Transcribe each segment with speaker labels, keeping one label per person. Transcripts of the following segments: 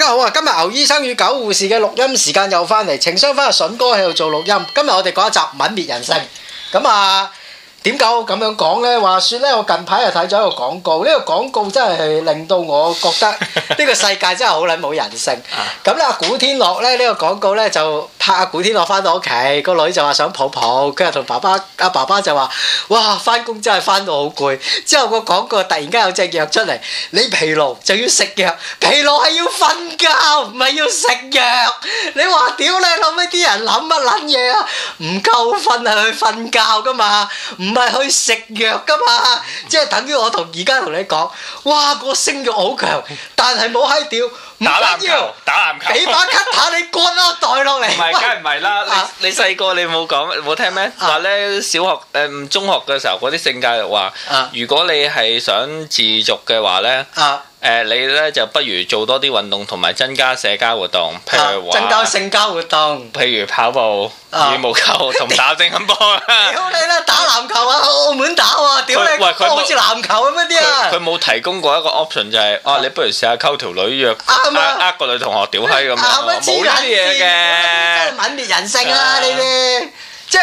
Speaker 1: 大家好啊！今日牛醫生與狗護士嘅錄音時間又返嚟，請咗返阿筍哥喺度做錄音。今日我哋講一集泯滅人性。咁啊。點解我咁樣講呢？話説呢，我近排又睇咗一個廣告，呢、這個廣告真係令到我覺得呢個世界真係好撚冇人性。咁呢，古天樂呢呢、這個廣告呢，就拍阿古天樂翻到屋企，個女就話想抱抱，跟住同爸爸阿爸爸就話，哇！翻工真係翻到好攰。之後個廣告突然間有隻藥出嚟，你疲勞就要食藥，疲勞係要瞓覺，唔係要食藥。你話屌你，後屘啲人諗乜撚嘢啊？唔夠瞓係去瞓覺噶嘛？唔係去食藥㗎嘛，即係等於我同而家同你講，哇，個性欲好強，但係冇閪屌，唔緊要，打籃球，打
Speaker 2: 籃球，畀把 cutter
Speaker 1: 你割我袋落嚟，唔係，梗係
Speaker 2: 唔係啦？你你細個你冇講，冇聽咩？話呢小學誒唔中學嘅時候嗰啲性教育話，如果你係想自續嘅話呢。誒，你咧，就不如做多啲運動同埋增加社交活動，譬如玩，增加
Speaker 1: 性交活動，譬
Speaker 2: 如跑步、羽毛球同打乒乓波。屌
Speaker 1: 你啦，打籃球啊，澳門打喎，屌你，喂，佢好似籃球咁嗰啲啊！佢
Speaker 2: 冇提供過一個 option 就係，哦，你不如試下溝條女約，呃呃個女同學屌閪咁樣，冇呢啲嘢嘅，真係泯滅人性啊！你哋。
Speaker 1: 即係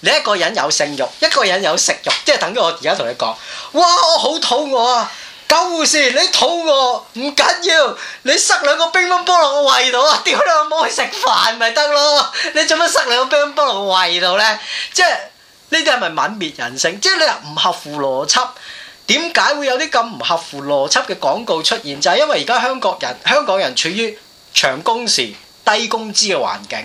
Speaker 1: 你一個人有性慾，一個人有食慾，即係等於我而家同你講，哇，我好肚餓啊！救護士，你肚餓唔緊要，你塞兩個乒乓波落個胃度啊，屌你老母去食飯咪得咯。你做乜塞兩個乒乓波落個胃度呢？即係呢啲係咪泯滅人性？即係你又唔合乎邏輯。點解會有啲咁唔合乎邏輯嘅廣告出現？就係因為而家香港人，香港人處於長工時、低工資嘅環境。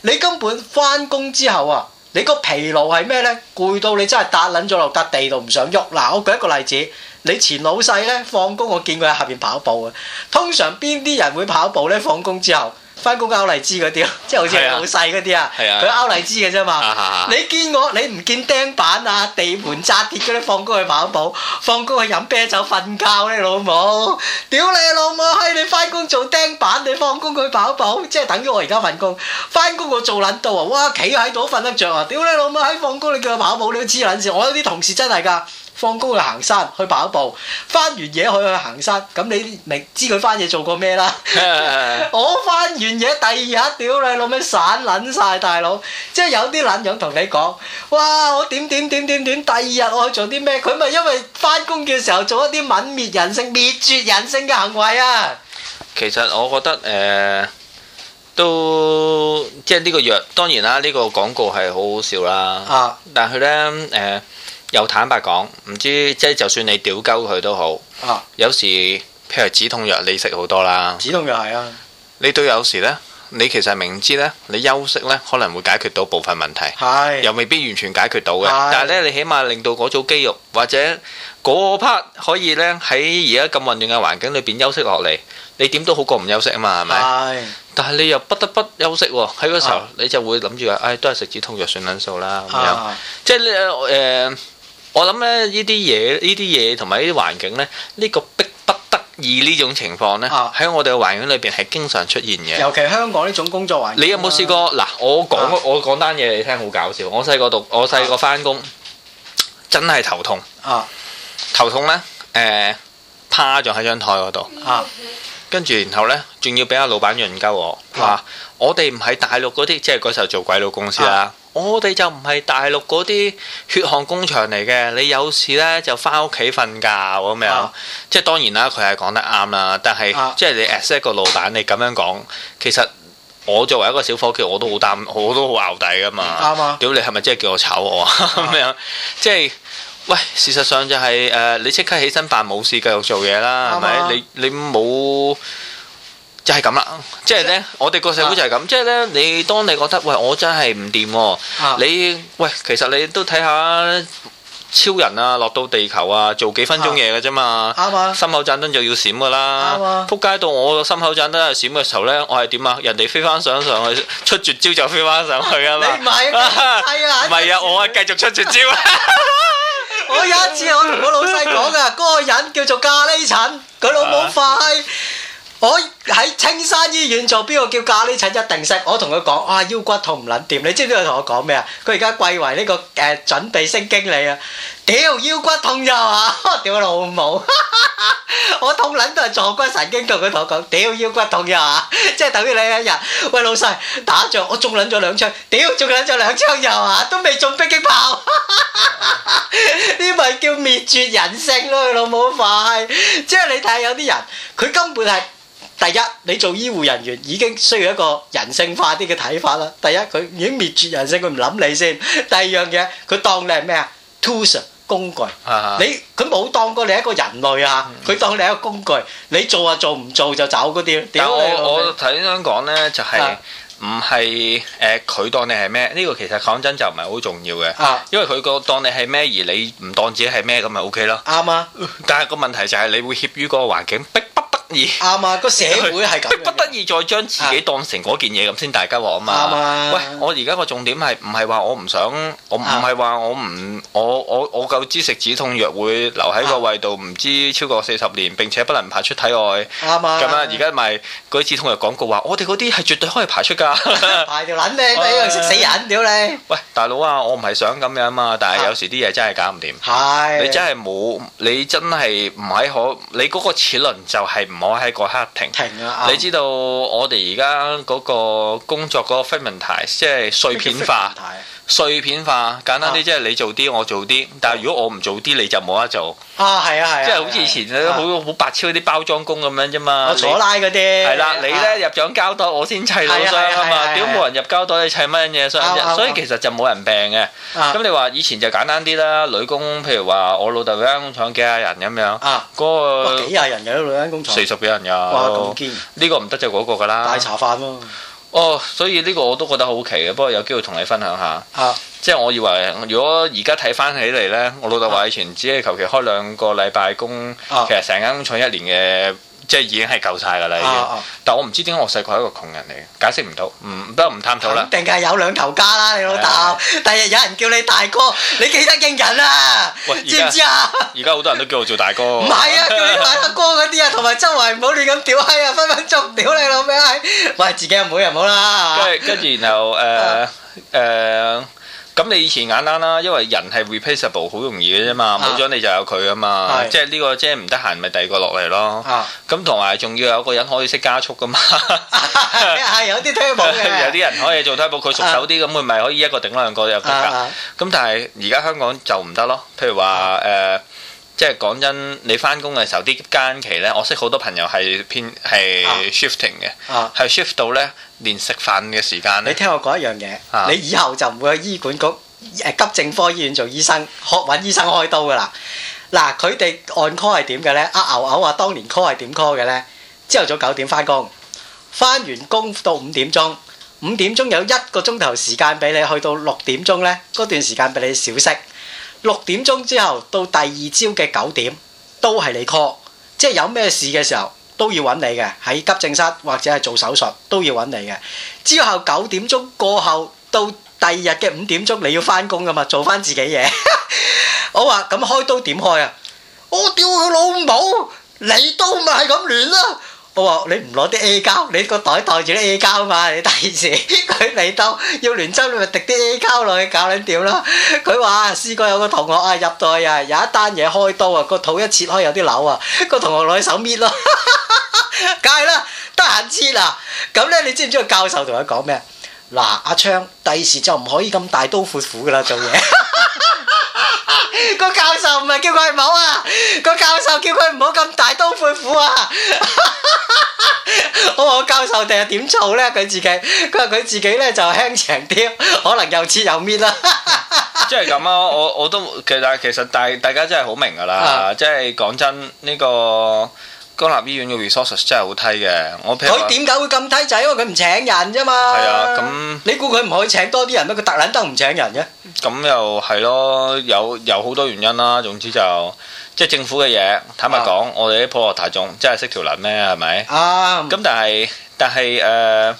Speaker 1: 你根本翻工之後啊，你個疲勞係咩呢？攰到你真係笪撚咗落笪地度唔想喐。嗱、呃，我舉一個例子。你前老細呢？放工，我見佢喺下邊跑步啊。通常邊啲人會跑步呢？放工之後翻工交荔枝嗰啲，即係好似老細嗰啲啊。佢勾荔枝嘅啫嘛。啊啊、你見我你唔見釘板啊？地盤紮鐵嗰啲放工去跑步，放工去飲啤酒瞓覺咧，老母屌你老母！嘿，你翻工做釘板，你放工佢跑步，即係等於我而家份工。翻工我做撚到啊！哇，企喺度都瞓得着啊！屌你老母！喺放工你叫佢跑步，你都知撚事。我有啲同事真係㗎。放工去行山，去跑步，翻完嘢去去行山，咁你明知佢翻嘢做過咩啦？我翻完嘢第二日，屌你老味散捻曬大佬，即係有啲捻樣同你講，哇！我點點點點點，第二日我去做啲咩？佢咪因為翻工嘅時候做一啲泯滅人性、滅絕人性嘅行為啊！
Speaker 2: 其實我覺得誒，都即係呢個藥，當然啦，呢個廣告係好好笑啦。啊，但係咧誒。又坦白講，唔知即係就算你屌鳩佢都好。啊，有時譬如止痛藥你食好多啦。止痛藥係啊，你都有時咧，你其實明知咧，你休息咧可能會解決到部分問題。係，又未必完全解決到嘅。係，但係咧，你起碼令到嗰組肌肉或者嗰 part 可以咧喺而家咁混亂嘅環境裏邊休息落嚟，你點都好過唔休息啊嘛，係咪？係。但係你又不得不休息喎，喺嗰時候你就會諗住話，唉，都係食止痛藥算撚數啦咁樣。係。即係咧誒。我諗咧呢啲嘢，呢啲嘢同埋呢啲環境呢，呢個逼不得已呢種情況呢，喺我哋嘅環境裏邊係經常出現嘅。尤
Speaker 1: 其香港呢種工作環境，
Speaker 2: 你有冇試過？嗱，我講我講單嘢你聽，好搞笑。我細個讀，我細個翻工，真係頭痛。啊，頭痛呢，誒，趴咗喺張台嗰度。啊，跟住然後呢，仲要俾阿老闆潤鳩我。啊，我哋唔喺大陸嗰啲，即係嗰時候做鬼佬公司啦。我哋就唔係大陸嗰啲血汗工場嚟嘅，你有事呢，就翻屋企瞓覺咁樣。即係、啊、當然啦，佢係講得啱啦。但係、啊、即係你 accept 個老闆，你咁樣講，其實我作為一個小夥計，我都好擔，我都好拗底㗎嘛。啱屌、啊啊、你係咪真係叫我炒我咁樣？ 啊、 即係喂，事實上就係、是、誒、呃，你即刻起身扮冇事，繼續做嘢啦，係咪、啊啊啊？你你冇。你就係咁啦，即係呢，我哋個社會就係咁，即係呢，你當你覺得喂我真係唔掂，你喂其實你都睇下超人啊落到地球啊做幾分鐘嘢嘅啫嘛，心口盞燈就要閃噶啦，撲街到我心口盞燈閃嘅時候呢，我係點啊？人哋飛翻上上去出絕招就飛翻上去啊嘛，你唔係，
Speaker 1: 係啊，唔
Speaker 2: 係啊，我係繼續出絕招。我
Speaker 1: 有一次我同我老細講㗎，嗰個人叫做咖喱塵，佢老母廢。我喺青山醫院做，邊個叫咖喱診一定識？我同佢講：哇腰骨痛唔撚掂，你知唔知佢同我講咩啊？佢而家貴為呢個誒準備升經理啊！屌腰骨痛又嘛！屌老母！我痛撚都係坐骨神經，佢同我講：屌腰骨痛又嘛！即係等於你一日喂老細打仗，我中撚咗兩槍，屌中撚咗兩槍又嘛！都未中迫擊炮，呢咪叫滅絕人性咯？老母快，即係你睇下有啲人，佢根本係。第一，你做醫護人員已經需要一個人性化啲嘅睇法啦。第一，佢已經滅絕人性，佢唔諗你先。第二樣嘢，佢當你係咩啊？tools 工具。啊啊、你佢冇當過你一個人類啊，佢、嗯、當你係一個工具。你做啊做唔做就走嗰啲。有我頭
Speaker 2: 先你想講呢，就係唔係誒佢當你係咩？呢、呢個其實講真就唔係好重要嘅，啊、因為佢個當你係咩而你唔當自己係咩咁咪 OK 咯。啱啊。呃、但係個問題就係你會怯於嗰個環境逼。啱而啊！個社會係咁，逼不得已再將自己當成嗰件嘢咁先大家話啊嘛！啊喂，我而家個重點係唔係話我唔想，我唔係話我唔，我我我夠知食止痛藥會留喺個胃度唔知超過四十年，並且不能排出體外。啱啊！咁啊，而家咪嗰啲止痛藥廣告話，我哋嗰啲係絕對可以出 排出㗎。排條
Speaker 1: 撚咩？你又食死人屌你！喂，
Speaker 2: 大佬啊，我唔係想咁樣啊嘛，但係有時啲嘢真係搞唔掂。
Speaker 1: 係你真係
Speaker 2: 冇，你真係唔喺可，你嗰個齒輪就係唔。唔好喺個黑屏。了你知道我哋而家嗰個工作嗰個分問題，即係碎片化。碎片化，簡單啲即係你做啲，我做啲。但係如果我唔做啲，你就冇得做。啊，
Speaker 1: 係啊，係啊，即係好似以前咧，好
Speaker 2: 好白超啲包裝工咁樣啫嘛。我左拉嗰啲。係啦，你咧入獎膠袋，我先砌到箱啊嘛。屌冇人入膠袋，你砌乜嘢箱啫？所以其實就冇人病嘅。咁你話以前就簡單啲啦。女工譬如話，我老豆嗰間工廠幾廿人咁樣？啊，嗰個幾廿人嘅女間
Speaker 1: 工廠？四十幾
Speaker 2: 人㗎。哇，咁堅。呢個唔得就嗰個㗎啦。大茶飯喎。哦，oh, 所以呢個我都覺得好奇嘅，不過有機會同你分享下。啊，uh. 即係我以為如果而家睇翻起嚟咧，我老豆話以前只係求其開兩個禮拜工，uh. 其實成間廠一年嘅。即係已經係夠曬㗎啦，已經。但我唔知點解我細個係一個窮人嚟嘅，解釋唔到。嗯，不過唔探討啦。定係
Speaker 1: 有兩頭家啦，你老豆。第日有人叫你大哥，你記得應人啊？
Speaker 2: 知唔知啊？而家好多人都叫我做大哥。唔
Speaker 1: 係啊，叫你大哥嗰啲啊，同埋周圍唔好亂咁屌閪啊，分分鐘屌你老味。喂，自己阿妹就冇啦。跟跟
Speaker 2: 住然後誒誒。咁你以前簡單啦，因為人係 replaceable，好容易嘅啫嘛，冇咗、啊、你就有佢啊嘛，是即係、這、呢個即係唔得閒咪第二個落嚟咯。咁同埋仲要有個人可以識加速噶嘛，
Speaker 1: 係、啊、 有啲 table 嘅，有啲人可以
Speaker 2: 做 table，佢熟手啲，咁佢咪可以一個頂兩個又得㗎。咁、啊啊、但係而家香港就唔得咯，譬如話誒。啊啊即係講真，你返工嘅時候啲班期呢，我識好多朋友係偏係 shifting 嘅，係 shift 到呢連食飯嘅時間呢。你聽我
Speaker 1: 講一樣嘢，你以後就唔會去醫管局誒急症科醫院做醫生，學揾醫生開刀噶啦。嗱，佢哋按 call 係點嘅呢？阿牛牛話：當年 call 係點 call 嘅呢？朝頭早九點返工，返完工到五點鐘，五點鐘有一個鐘頭時間俾你去到六點鐘呢，嗰段時間俾你小息。六點鐘之後到第二朝嘅九點，都係你 call，即係有咩事嘅時候都要揾你嘅，喺急症室或者係做手術都要揾你嘅。之後九點鐘過後到第二日嘅五點鐘，你要返工噶嘛，做返自己嘢。 我話：咁開刀點開啊？我屌佢老母，你都咪係咁亂啦，啊！你唔攞啲 A 膠，你個袋袋住啲 A 膠嘛？你第二時佢嚟到，要連週你咪滴啲 A 膠落去，搞佢點咯。佢話試過有個同學啊，入袋啊，有一單嘢開刀啊，個肚一切開，有啲瘤啊，個同學攞手搣咯，梗係啦，得閒切啊。咁呢，你知唔知個教授同佢講咩？嗱，阿昌，第時就唔可以咁大刀闊斧噶啦做嘢。 個 教授唔係叫佢唔好啊，個教授叫佢唔好咁大刀闊斧啊。 我話個教授第日點做呢？佢自己，佢話佢自己呢就輕鬆啲，可能又切又搣啦。
Speaker 2: 即係咁啊！我我都其實其實大家大家真係好明噶啦， 即係講真呢、這個。公立醫院嘅 resource 真係好低嘅，我佢點解
Speaker 1: 會咁低仔？因為佢唔請人啫嘛。係啊，咁
Speaker 2: 你估佢唔可以請多啲人咩？佢特撚都唔請人嘅？咁又係咯，有有好多原因啦。總之就即係政府嘅嘢，坦白講，啊、我哋啲普羅大眾真係識條撚咩，係咪？啊，咁但係、啊、但係誒、呃，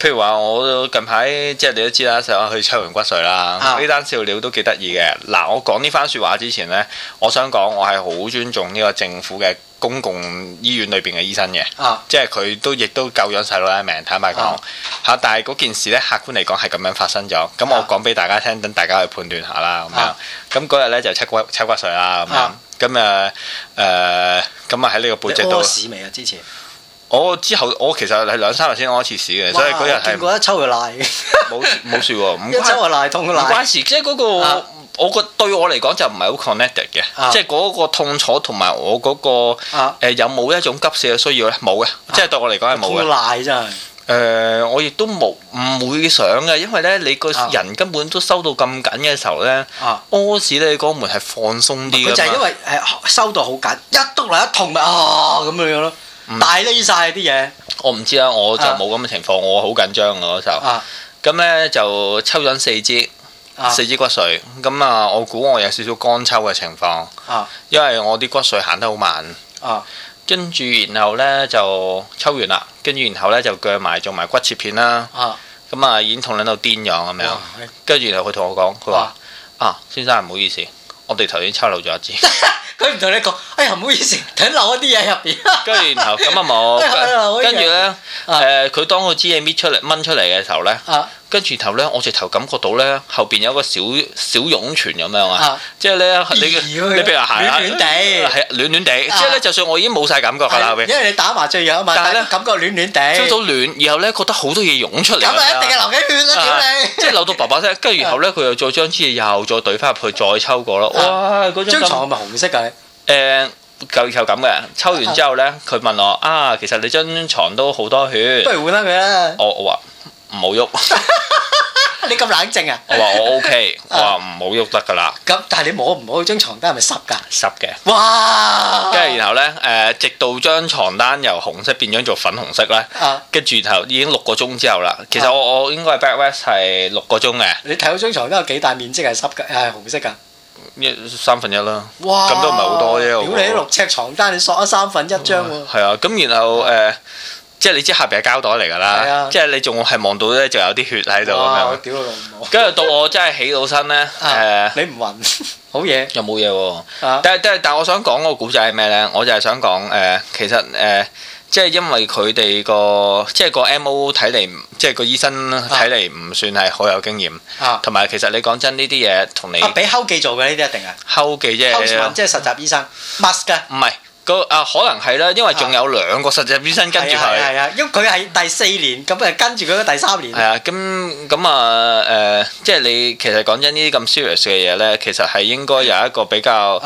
Speaker 2: 譬如話我近排即係你都知啦，成日去抽完骨髓啦，呢單笑料都幾得意嘅。嗱，我講呢番説話之前呢，我想講我係好尊重呢個政府嘅。公共醫院裏邊嘅醫生嘅，即係佢都亦都救養細路仔命，坦白講嚇。但係嗰件事咧，客觀嚟講係咁樣發生咗。咁、啊、我講俾大家聽，等大家去判斷下啦咁樣。咁嗰日咧就抽骨抽骨水啦咁樣。咁誒誒，咁、呃、啊喺呢個背脊度。你屙屎
Speaker 1: 未啊？之前
Speaker 2: 我之後我其實係兩三日先屙一次屎嘅，所以嗰日係。見過
Speaker 1: 一抽就瀨冇
Speaker 2: 冇事喎，一抽就
Speaker 1: 瀨痛嘅瀨，關事。
Speaker 2: 即係嗰我個對我嚟講就唔係好 connected 嘅，即係
Speaker 1: 嗰個痛
Speaker 2: 楚同埋我嗰個誒有冇一種急瀉嘅需要咧？冇嘅，即係對我嚟講係冇嘅。好賴真係。誒，我亦都冇唔會想嘅，因為咧你個人根本都收到咁緊嘅時候咧，屙屎你個門係放鬆啲。佢就係因為誒收到好緊，一篤嚟一痛咪啊咁樣樣咯，大匿曬啲嘢。我唔知啦，我就冇咁嘅情況，我好緊張㗎嗰時候。咁咧就抽緊四支。四支骨髓，咁啊，我估我有少少乾抽嘅情況，因為我啲骨髓行得好慢，跟住然後咧就抽完啦，跟住然後咧就鋸埋做埋骨切片啦，咁啊，已經痛到癲咗，係咪？跟住然後佢同我講，佢話啊，先生唔好意思，我哋頭先抽漏咗一支，
Speaker 1: 佢唔同你
Speaker 2: 講，哎呀唔好意思，頂漏一啲嘢入邊，跟住然後咁啊冇，跟住咧誒，佢當個支嘢搣出嚟掹出嚟嘅時候咧。跟住頭咧，我直頭感覺到咧後邊有個小小湧泉咁樣啊，即係咧你你譬如話係暖暖地，係暖暖地，即係咧就算我已經冇晒感覺噶啦，後因為
Speaker 1: 你打麻醉藥啊嘛，但係咧感覺暖暖地，到
Speaker 2: 暖，然後咧覺得好多嘢湧出嚟，咁啊一定係流緊血啦，點你，即係流到白白啲，跟住然後咧佢又再將支嘢又再懟翻入去，再抽過咯，哇，嗰張床係咪紅色噶？誒，就就咁嘅，抽完之後咧，佢問我啊，其實你張床都好多血，不如換
Speaker 1: 返佢啦，
Speaker 2: 我我話。唔好喐！
Speaker 1: 你咁冷靜啊？我話我 O、OK, K，我話
Speaker 2: 唔好喐得噶啦。
Speaker 1: 咁、 嗯、但係你摸唔摸？張床單係咪濕噶？濕嘅的。哇！跟住然
Speaker 2: 後咧，誒、呃，直到張床單由紅色變咗做粉紅色咧，跟住、啊、然後已經六個鐘之後啦。其實我、啊、我應該係 backwards 係六個鐘嘅。
Speaker 1: 你睇到張床單有幾大面積係濕嘅，係、呃、紅色噶？
Speaker 2: 一三分一啦。哇！咁都唔係好多啫。屌你六
Speaker 1: 尺床單，你索得三分一張喎。
Speaker 2: 係啊，咁然後誒。即係你知下邊係膠袋嚟噶啦，即係你仲係望到咧，就有啲血喺度咁樣。跟住到我真係起到身咧，誒，你唔暈，好嘢，又冇嘢喎。但係但係我想講個古仔係咩咧？我就係想講誒，其實誒，即係因為佢哋個即係個 MO 睇嚟，即係個醫生睇嚟唔算係好有經驗。同埋其實你講真呢啲嘢，同你俾後記做嘅呢啲一定啊，後記啫，即係實習醫生
Speaker 1: mask 噶，唔係。
Speaker 2: 啊可能係啦，因為仲有兩個實習醫生跟住佢。係啊係啊，
Speaker 1: 因為佢係第四年，咁誒跟住佢嘅第三年。係
Speaker 2: 啊，咁咁啊誒，即係你其實講真呢啲咁 serious 嘅嘢咧，其實係應該有一個比較，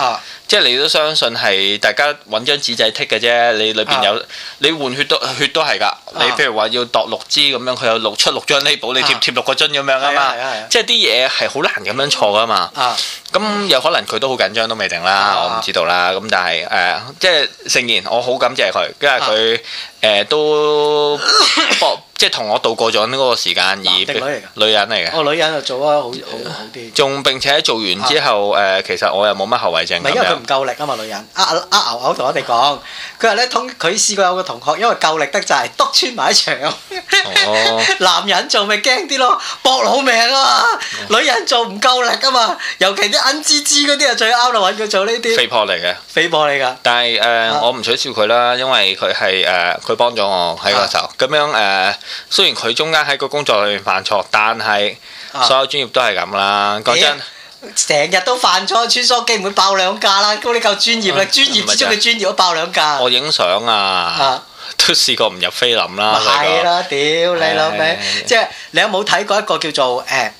Speaker 2: 即係你都相信係大家揾張紙仔剔嘅啫。你裏邊有你換血都血都係㗎，你譬如話要度六支咁樣，佢有六出六樽 A 保，你貼貼六個樽咁樣啊嘛。係啊係啊，即係啲嘢係好難咁樣錯㗎嘛。啊。咁有可能佢都好緊張，都未定啦，我唔知道啦。咁但係誒，即係誠然，我好感謝佢，跟住佢誒都幫。即係同我度過咗呢個時間，而女人嚟嘅，我女人就
Speaker 1: 做咗好好好啲，
Speaker 2: 仲並且做完之後，誒其實我又冇乜後遺症。唔係因為佢唔
Speaker 1: 夠力啊嘛，女人呃呃牛牛同我哋講，佢話咧通佢試過有個同學，因為夠力得滯，督穿埋啲牆。哦，男人做咪驚啲咯，搏老命啊嘛，女人做唔夠力啊嘛，尤其啲銀枝枝嗰啲啊最啱啦，揾佢做呢啲。肥婆
Speaker 2: 嚟嘅，肥波嚟㗎。但係誒，我唔取笑佢啦，因為佢係誒，佢幫咗我喺個時候咁樣誒。雖然佢中間喺個工作裏面犯錯，但係所有專業都係咁啦。講真，
Speaker 1: 成日、哎、都犯錯，穿梭機唔會爆兩架啦，咁你夠專業啦，專、嗯、業之中嘅專
Speaker 2: 業都爆兩架。我影相啊，啊都試過唔入菲林啦。係咯，屌了了你老味！是即係
Speaker 1: 你有冇睇過一個叫做誒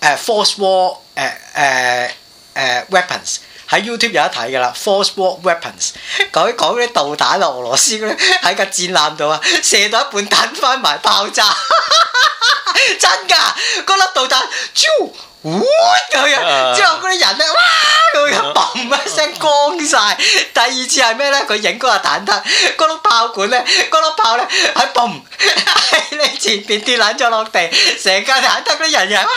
Speaker 1: 誒 Force War 誒誒誒 Weapons？喺 YouTube 有得睇㗎啦，Force War Weapons 講講啲導彈咯，啊，俄羅斯嗰啲喺架戰艦度啊，射到一半彈翻埋爆炸。 真㗎，嗰粒導彈超～啾咁樣，之後嗰啲人咧，哇咁樣，嘣一聲光晒！第二次係咩咧？佢影嗰個蛋撻，嗰粒炮管咧，嗰粒炮咧喺嘣喺你前邊跌爛咗落地，成架蛋撻嗰啲人又哇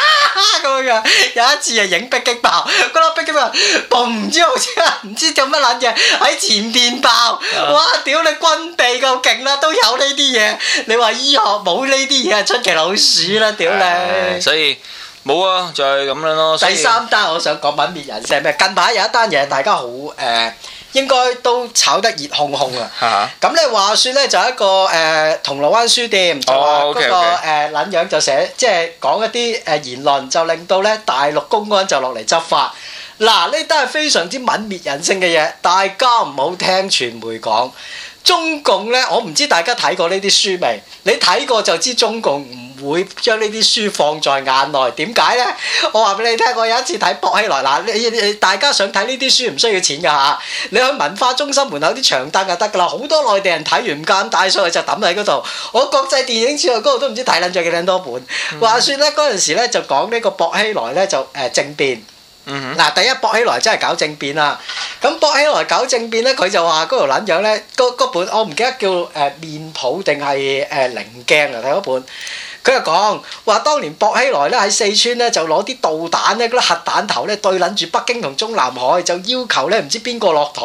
Speaker 1: 咁樣。有一次又影迫擊炮，嗰粒迫擊炮嘣，唔知好似唔知做乜撚嘢喺前邊爆。哇！屌你軍地夠勁啦，都有呢啲嘢。你話醫學冇呢啲嘢係出奇老鼠啦，屌你！所
Speaker 2: 以。冇啊，就係咁樣咯。第三
Speaker 1: 單我想講泯滅人性咩？近排有一單嘢大家好誒，應該都炒得熱烘烘啊。嚇嚇。咁咧話說咧，就係一個誒銅鑼灣書店，就話嗰個誒撚樣就寫，即係講一啲誒言論，就令到咧大陸公安就落嚟執法。嗱，呢單係非常之泯滅人性嘅嘢，大家唔好聽傳媒講。中共咧，我唔知大家睇過呢啲書未？你睇過就知中共唔會將呢啲書放在眼內，點解呢？我話俾你聽，我有一次睇博希來。嗱，呢大家想睇呢啲書唔需要錢㗎嚇，你去文化中心門口啲長凳就得㗎啦。好多內地人睇完唔夠咁帶上去就抌喺嗰度。我國際電影節嗰度都唔知睇撚咗幾多本。嗯、哼話說呢嗰陣時咧就講呢個博希來呢就誒政、呃、變。嗱、嗯哼，第一博希來真係搞政變啦。咁博希來搞政變呢，佢就話嗰條撚樣咧，嗰本我唔記得叫誒面譜定係誒靈鏡嚟睇嗰本，佢就講話，當年薄熙來咧喺四川咧就攞啲導彈咧嗰啲核彈頭咧對撚住北京同中南海，就要求咧唔知邊個落台。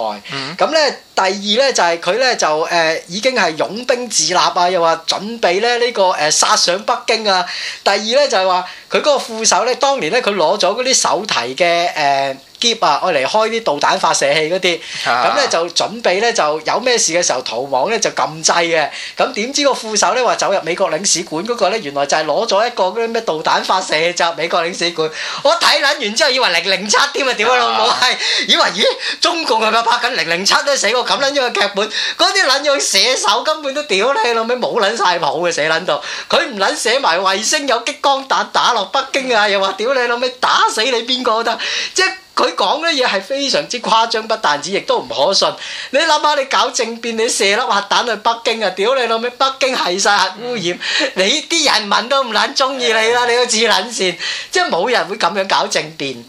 Speaker 1: 咁咧、嗯、第二咧就係佢咧就誒、呃、已經係擁兵自立啊，又話準備咧、這、呢個誒、呃、殺上北京啊。第二咧就係話佢嗰個副手咧，當年咧佢攞咗嗰啲手提嘅誒。呃 keep 啊，愛嚟開啲導彈發射器嗰啲，咁咧就準備咧就有咩事嘅時候逃亡咧就撳掣嘅。咁點知個副手咧話走入美國領事館嗰個咧，原來就係攞咗一個嗰啲咩導彈發射器入美國領事館。我睇撚完之後以為零零七添啊，屌你老母係以為咦中共係咪拍緊零零七咧？死過咁撚咗個劇本，嗰啲撚咗寫手根本都屌你老味冇撚曬譜嘅死撚到，佢唔撚寫埋衛星有激光彈打落北京啊，又話屌你老味打死你邊個都得，即係。佢講嘅嘢係非常之誇張，不但止，亦都唔可信。你諗下，你搞政變，你射粒核彈去北京啊！屌你老味，北京係晒核污染，你啲人民都唔撚中意你啦！你個自撚線，即係冇人會咁樣搞政變。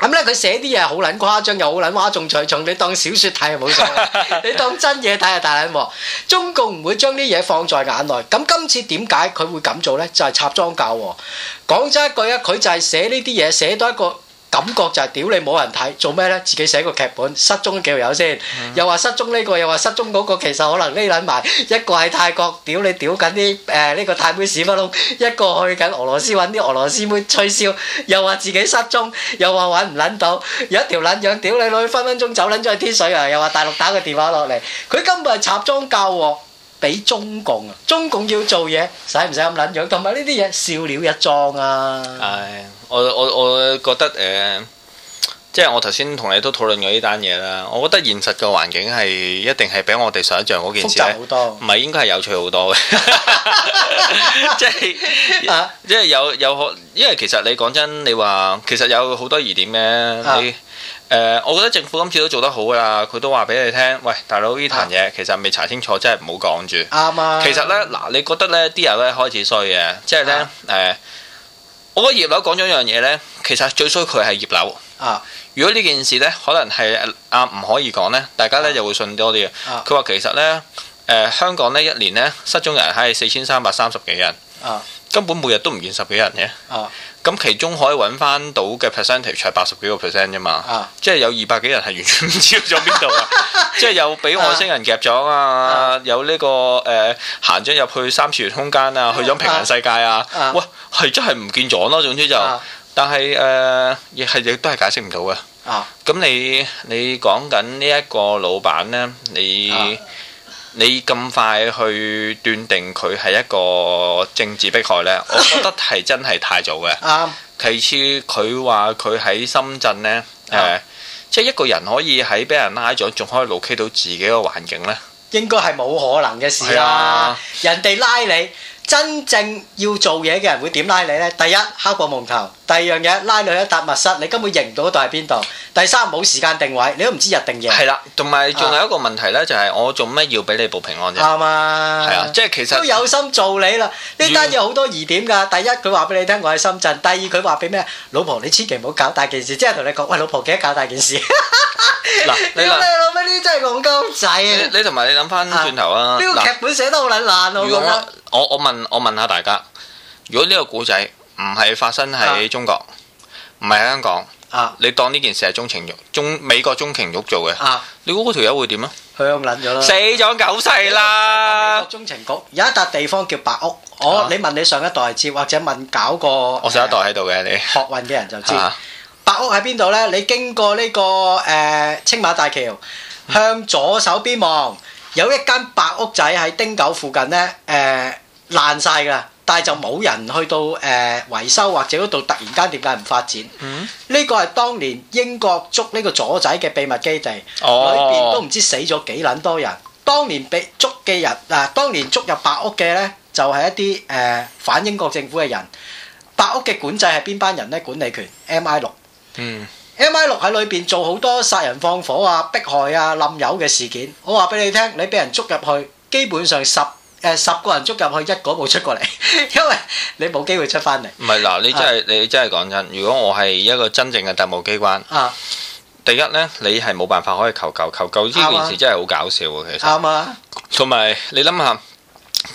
Speaker 1: 咁咧，佢寫啲嘢好撚誇張，又好撚嘩眾取寵，你當小説睇就冇錯，你當真嘢睇就大撚鑊。 中共唔會將啲嘢放在眼內。咁今次點解佢會咁做呢？就係、是、插莊教。講真一句啊，佢就係寫呢啲嘢，寫多一個。感覺就係屌你冇人睇，做咩呢？自己寫個劇本，失蹤幾條友先，又話失蹤呢個，又話失蹤嗰個，其實可能匿撚埋一個喺泰國屌你屌緊啲誒呢個泰妹屎忽窿，一個去緊俄羅斯揾啲俄羅斯妹吹簫，又話自己失蹤，又話揾唔撚到，有一條撚樣屌你女分分鐘走撚咗去天水啊，又話大陸打個電話落嚟，佢根本係插贓教喎，俾中共啊，中共要做嘢，使唔使咁撚樣？同埋呢啲嘢笑料一樁啊！
Speaker 2: 我我我覺得誒、呃，即係我頭先同你都討論過呢單嘢啦。我覺得現實嘅環境係一定係比我哋想象嗰件事多，唔係應該係有趣好多嘅。 即係即係有有，因為其實你講真，你話其實有好多疑點嘅。啊、你誒、呃，我覺得政府今次都做得好㗎啦。佢都話俾你聽，喂，大佬，呢壇嘢其實未查清楚，真係唔好講住。
Speaker 1: 啱啊。其實咧，
Speaker 2: 嗱，你覺得咧，啲人咧開始衰嘅，即係咧誒。啊。我覺得葉劉講咗一樣嘢呢，其實最衰佢係葉劉。啊，如果呢件事呢，可能係啊唔可以講呢，大家呢就、啊、會信多啲嘅。佢話、啊、其實呢，誒、呃、香港呢一年呢，失蹤人係四千三百三十幾人。啊，根本每日都唔見十幾人嘅。啊，咁其中可以揾翻到嘅 percentage 係八十幾個 percent 啫嘛。即係、啊、有二百幾人係完全唔知去咗邊度啊！即係又俾外星人夾咗啊！啊啊有呢、呢個誒行咗入去三次元空間啊，去咗平行世界啊！哇！係真係唔見咗咯，總之就，但係誒，亦係亦都係解釋唔到嘅。啊，咁你你講緊呢一個老闆咧，你你咁快去斷定佢係一個政治迫害咧？我覺得係真係太早嘅。啱。其次，佢話佢喺深圳咧，誒，即係一個人可以喺俾人拉咗，仲可以 locate 到自己個環境咧？
Speaker 1: 應該係冇可能嘅事啦。人哋拉你。真正要做嘢嘅人會點拉你咧？第一，敲過夢頭，第二樣嘢拉你一笪密室，你根本認唔到嗰度係邊度？第三，冇時間定位，你都唔知日定夜。係啦，同
Speaker 2: 埋仲有一個問題咧，就係我做咩要俾你報平安啫？啱啊，
Speaker 1: 係啊，即係其實都有心做你啦。呢單嘢好多疑點㗎。第一佢話俾你聽，我喺深圳；第二佢話俾咩老婆，你千祈唔好搞大件事，即係同你講喂，老婆，記得搞大件事。嗱，你話啲咩啲真係戇鳩仔啊！你你同埋你諗翻轉頭啊！呢個劇本寫得好撚爛啊！我覺得
Speaker 2: 我我問。我問下大家，如果呢個古仔唔係發生喺中國，唔係喺香港，啊、你當呢件事係中情局、中美國中情局做嘅，你估嗰條友會點啊？
Speaker 1: 佢諗咗啦，死咗九世啦！中情局有一笪地方叫白屋，我、啊、你問你上一代接或者問搞過我上一代喺度嘅，你學運嘅人就知、啊、白屋喺邊度呢？你經過呢、這個誒青、呃、馬大橋，向左手邊望， 有一間白屋仔喺丁九附近呢。誒、呃。呃爛晒噶，但係就冇人去到誒維修，或者嗰度突然間點解唔發展？呢個係當年英國捉呢個左仔嘅秘密基地，裏邊都唔知死咗幾撚多人。當年被捉嘅人嗱，當年捉入白屋嘅咧，就係一啲誒反英國政府嘅人。白屋嘅管制係邊班人咧？管理權 MI 六，MI 六喺裏邊做好多殺人放火啊、迫害啊、冧油嘅事件。我話俾你聽，你俾人捉入去，基本上十。誒，十個人捉入去，一個冇出過嚟，因為你冇機會出翻嚟。
Speaker 2: 唔係嗱，你真係你真係講真，如果我係一個真正嘅特務機關啊，第一呢，你係冇辦法可以求救，求救呢件事真係好搞笑，其實。啱啊，同埋你諗下。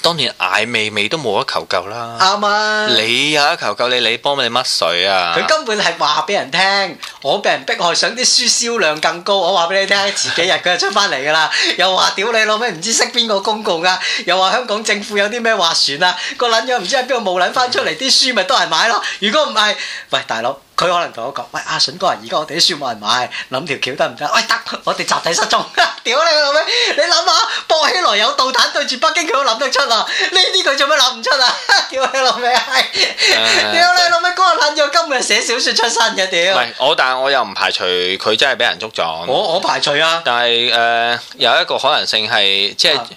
Speaker 2: 當然，艾未未都冇得求救啦，
Speaker 1: 啱啊！你
Speaker 2: 有、啊、得求救你，你幫你乜水啊？佢根
Speaker 1: 本係話俾人聽，我俾人逼害，想啲書銷量更高。我話俾你聽，遲幾日佢就出翻嚟噶啦， 又話屌你老咩唔知識邊個公公啊？又話香港政府有啲咩劃船啊？個撚樣唔知喺邊度冇捻翻出嚟，啲、嗯、書咪多人買咯。如果唔係，喂大佬。佢可能同我講：喂，阿、啊、筍哥人，而家我哋啲書冇人買，諗條橋得唔得？喂，得！我哋集體失蹤。屌 你老味！你諗下，薄熙來有導彈對住北京，佢都諗得出啊？出呢啲佢做咩諗唔出啊？屌 你老味啊！屌、呃、 你老想味，哥諗咗今日寫小説出身嘅屌。唔
Speaker 2: 我，但係我又唔排除佢真係俾人捉咗。我我排除啊。但係誒、呃，有一個可能性係即係。嗯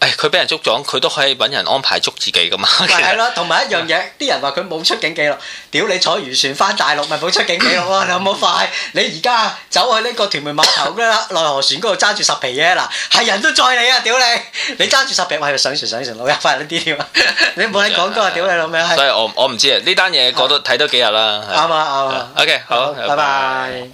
Speaker 2: 誒，佢俾、哎、人捉咗，佢都可以揾人安排捉自己噶嘛。咪
Speaker 1: 係咯，同埋 一樣嘢，啲 人話佢冇出境記錄，屌你坐漁船返大陸咪冇出境記錄咯，有冇快？你而家走去呢個屯門碼頭啦，內河船嗰度揸住十皮嘢，嗱係人都載你啊，屌你！你揸住十皮，我係上船上船，老友快啲添你冇喺講多啊，屌你老味！
Speaker 2: 所以我我唔知啊，呢單嘢過多睇多幾日啦。啱啊啱啊。OK，好，拜拜。